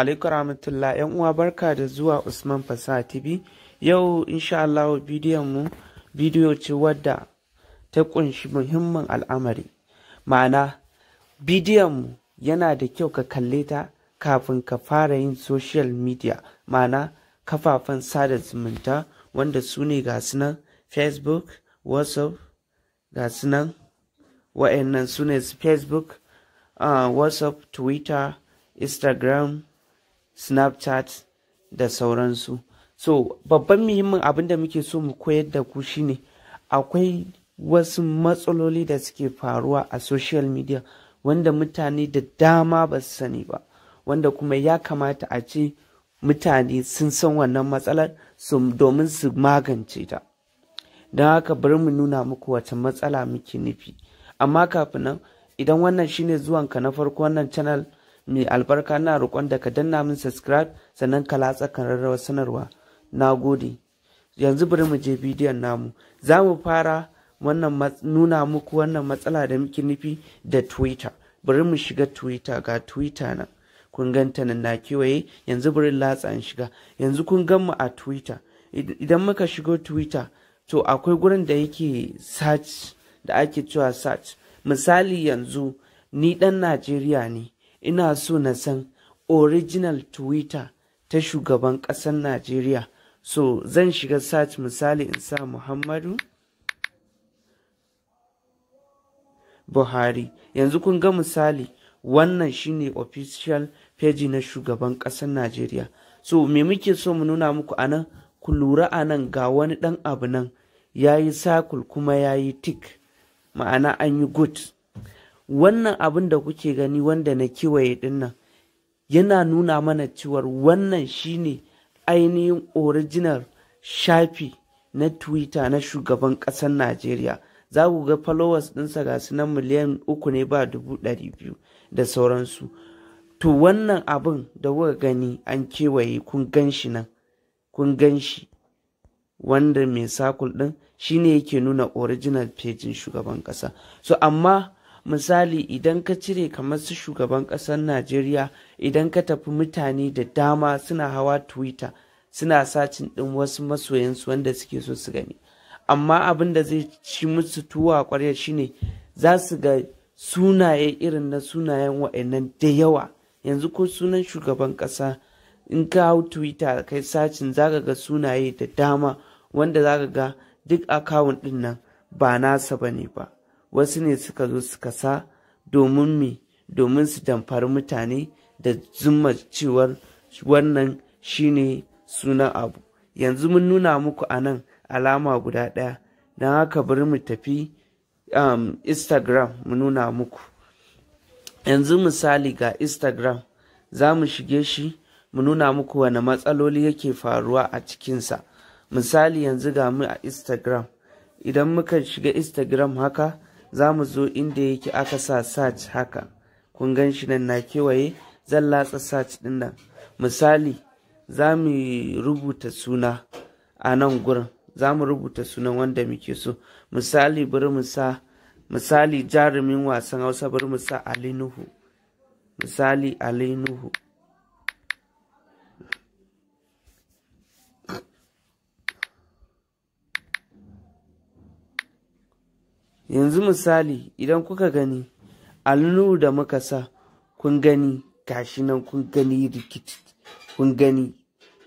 alaikum rahmatullah yan uwa barka da zuwa usman fasaha tv yau insha Allah bidiyon mu bidiyo ce wadda ta kunshi muhimmin al'amari ma'ana bidiyon mu yana da kyau ka kalle ta kafin ka fara yin social media ma'ana kafafen sada zumunta wanda su ne ga nan facebook whatsapp ga nan wa'annan su ne facebook ah, whatsapp twitter instagram snapchat da sauransu so babban muhimmin abin da muke so mu koyar da ku shine akwai wasu matsaloli da suke faruwa a social media wanda mutane da dama ba su sani ba wanda kuma ya kamata a ce mutane sun san wannan matsalar domin su magance ta don haka bari mu nuna muku wata matsala muke nufi amma kafin nan idan wannan shine zuwanka na farko wannan channel mai albarka na roƙon da ka danna min subscribe sannan ka latsa kararrawar sanarwa na gode yanzu bari mu je bidiyon namu za mu fara nuna muku wannan matsala da muke nufi da twitter bari mu shiga twitter ga twitter na kun ganta nan na kewaye yanzu bari latsa in shiga yanzu kun gan mu a twitter idan muka shigo twitter to akwai gurin da yake search da ake cewa search misali yanzu ni dan najeriya ne ina so na san original twitter ta shugaban ƙasar najeriya so zan shiga search misali in sa muhammadu buhari yanzu kun ga misali wannan shine official page na shugaban ƙasar najeriya so me muke so mu nuna muku anan ku lura anan ga wani ɗan abu nan ya yi sakul kuma ya yi tik ma'ana an yi good wannan abin da kuke gani wanda na kiwaye dinnan yana nuna mana cewar wannan shine ainihin original shafi na twitter na shugaban ƙasar najeriya za ku ga followers ɗinsa ga su miliyan uku ne ba dubu ɗari biyu da sauransu to wannan abin da kuka gani an kewaye kun gan shi nan kun gan shi wanda mai sakul ɗin shine yake nuna original pejin shugaban ƙasa so amma misali idan ka cire kamar su shugaban ƙasar najeriya idan ka tafi mutane da dama suna hawa twitter suna sacin ɗin wasu masoyansu wanda suke so su gani amma abin da zai ci musu tuwa ƙwarya shine za su ga sunaye irin na sunayen wa'annan da yawa yanzu ko sunan shugaban ƙasa in ka hau twitter kai sacin zaka ga sunaye da dama wanda zaka ga duk akawun ɗin nan ba nasa bane ba wasu ne suka zo suka sa domin mi domin su damfari mutane da zumma cewar wannan shine sunan abu yanzu mun nuna muku a nan alama guda ɗaya don haka bari mu tafi um, instagram mu nuna muku yanzu misali ga instagram za mu shige shi mu nuna muku wane matsaloli yake faruwa a cikinsa misali yanzu ga mu a instagram idan muka shiga instagram haka za mu zo inda yake aka sa search haka kun gan shi nan na kewaye zan latsa search din nan misali za mu rubuta suna a nan gurin za mu rubuta sunan wanda muke so misali bari mu sa misali jarumin wasan hausa bari mu sa alinuhu misali alinuhu yanzu misali idan kuka gani alnu da muka sa kun gani gashi nan kun gani rikici kun gani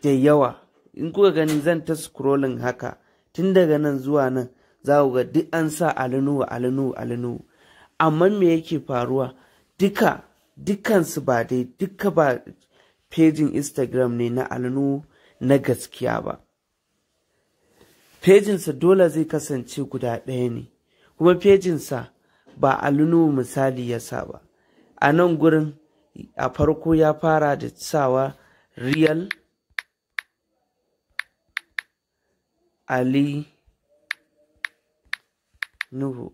da yawa in kuka gani zan ta scrolling haka tun daga nan zuwa nan za ku ga duk an sa alnu alnu alnu amma me yake faruwa duka su ba dai duka ba pejin instagram ne na alnu na gaskiya ba pejinsa dole zai kasance guda ɗaya ne kuma fejinsa ba a lunubu misali ya sa ba a nan gurin a farko ya fara da sawa real ali nuhu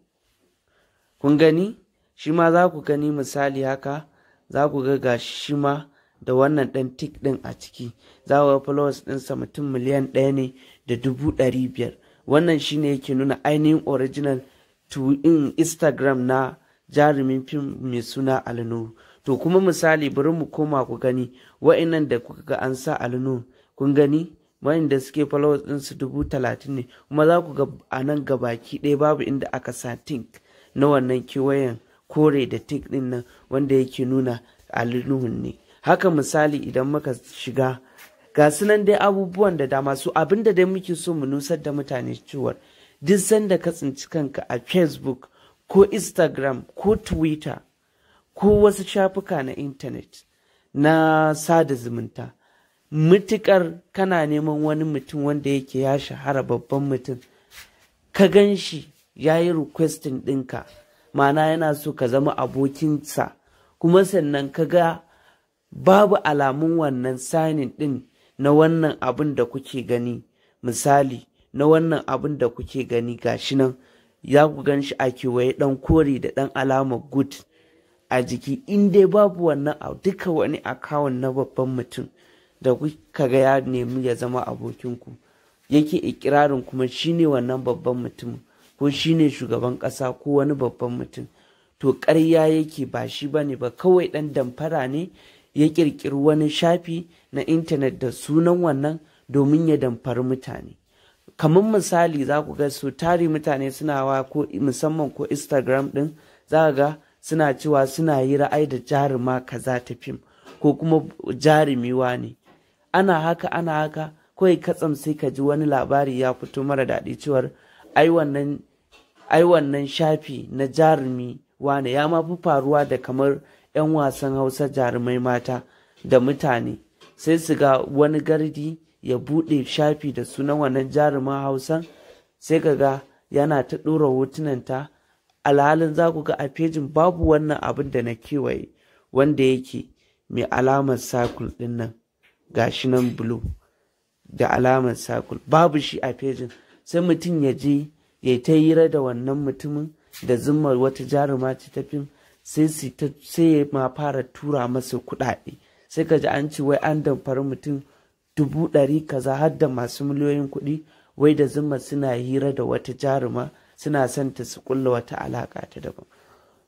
kun gani shi ma za ku gani misali haka za ku ga gashi shi ma da wannan ɗan tik ɗin a ciki za ku ga followers ɗinsa mutum miliyan ɗaya ne da dubu ɗari biyar wannan shine yake nuna ainihin original in instagram na jarumin fim mai suna alinu to kuma misali bari mu koma ku gani wa'annan da kuka ga an sa alinu kun gani da suke followers din su dubu talatin ne kuma za ku ga a nan gabaki ɗaya babu inda aka sa tink na wannan kewayen kore da tink din nan wanda yake nuna alinuhun ne haka misali idan muka shiga ga nan dai abubuwan da dama su abinda dai muke so mu nusar da mutane cewar duk sanda ka tsinci kanka a facebook ko instagram ko twitter ko wasu shafuka na intanet na sada zumunta mutukar kana neman wani mutum wanda yake ya shahara babban mutum ka gan shi ya yi requesting ɗinka mana yana so ka zama abokinsa kuma sannan ka ga babu alamun wannan signing ɗin na wannan abin da kuke gani misali na wannan abin da kuke gani gashi nan ya ku gan shi a kewaye ɗan kore da ɗan alama good a jiki in dai babu wannan a duka wani akawun na babban mutum da kuka ga ya nemi ya zama abokinku yake ikirarin kuma shine wannan babban mutum ko shine shugaban ƙasa ko wani babban mutum to ƙarya yake ba shi ba ne ba kawai ɗan damfara ne ya ƙirƙiri wani shafi na intanet da sunan wannan domin ya damfari mutane kamar misali za ku ga su tari mutane suna wa ko musamman ko instagram din za ka ga suna cewa suna yi ra'ayi da jaruma kaza ta fim ko kuma jarumiwa ne ana haka ana haka kawai katsam sai ka ji wani labari ya fito mara daɗi cewar ai wannan shafi na jarumi ne. ya ma fi faruwa da kamar 'yan wasan hausa jarumai mata da mutane sai su ga wani gardi ya buɗe shafi da sunan wannan jaruman hausan sai ka ga yana ta ɗora hotunanta alhalin za ku ga a fejin babu wannan abin da na kewaye wanda yake mai alamar circle ɗin nan gashi nan blue da alamar circle babu shi a fejin sai mutum ya je ya ta hira da wannan mutumin da zumar wata jaruma ce ta fim sai ya ma fara tura masa kuɗaɗe sai ka ji an ce wai an damfari mutum dubu ɗari kaza har da masu miliyoyin kuɗi wai da zuma suna hira da wata jaruma suna son ta su kulla wata alaƙa ta daban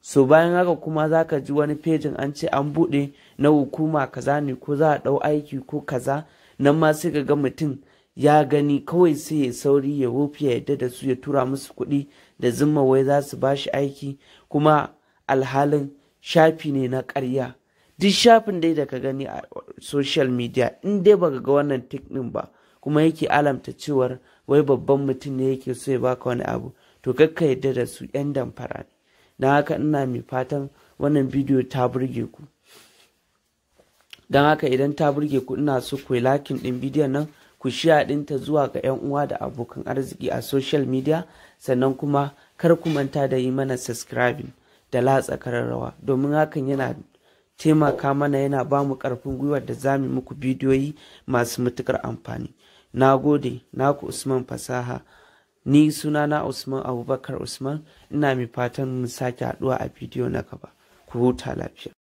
so bayan haka kuma za ka ji wani fejin an ce an buɗe na hukuma kaza ne ko za a ɗau aiki ko kaza nan ma sai ga mutum ya gani kawai sai ya sauri ya wofi ya yadda da su ya tura musu kuɗi da zuma wai za su ba shi aiki kuma alhalin shafi ne na ƙarya duk shafin dai da ka gani a social media in dai baka ga wannan tik din ba kuma yake alamta cewar wai babban mutum ne yake so ya baka wani abu to kakka yadda da su yan damfara ne don haka ina mai fatan wannan bidiyo ta burge ku don haka idan ta burge ku ina so ku lakin din bidiyon nan ku shiya ɗinta zuwa ga 'yan uwa da abokan arziki a social media sannan kuma kar ku manta da yi mana subscribing da latsa kararrawa domin hakan yana taimaka mana yana ba mu ƙarfin gwiwa da za mu muku bidiyoyi masu matuƙar amfani na gode naku usman fasaha ni sunana usman abubakar usman ina mai fatan mu sake haɗuwa a bidiyo na gaba ku huta lafiya